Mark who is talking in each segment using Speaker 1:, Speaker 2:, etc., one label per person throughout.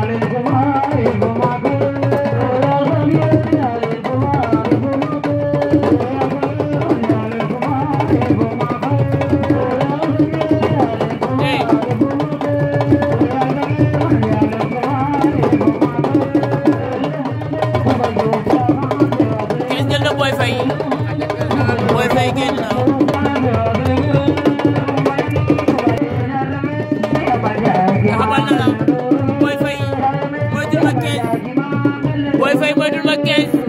Speaker 1: Hallelujah. moytul ma 15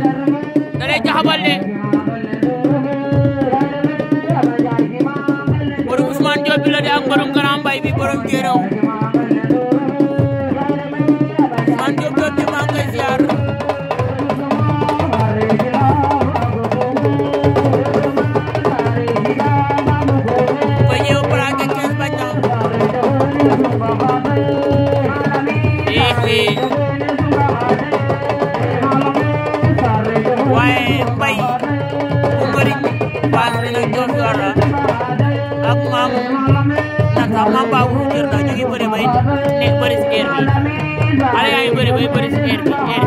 Speaker 1: da lay jaxabal de borom Ousmane Diop bi la de ak borom Grand Mbaye bi borom Guéréo Afrique Diofara ak maam ndax sax maam Babou Rougeur daa jóge bëri ba it nekk bëri si yaa ngi bëri ba bëri si air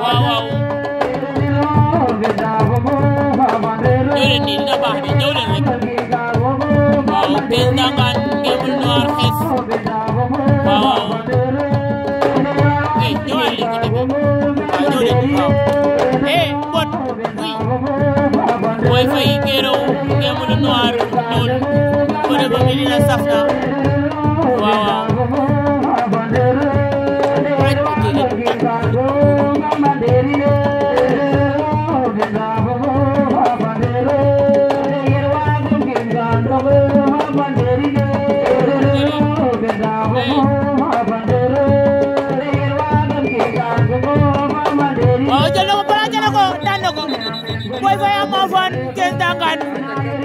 Speaker 1: waaw waaw ñëw leen nii dina baax de ñëw leen rek waaw président Bane ngéemul noir xees waaw waaw eh ñëwaat leen côté bi waaw waaw fay géerow ngéemul noir ñuul côté ba mi waaw Oh, jangan lupa jangan lupa, jangan lupa. Boy boy jangan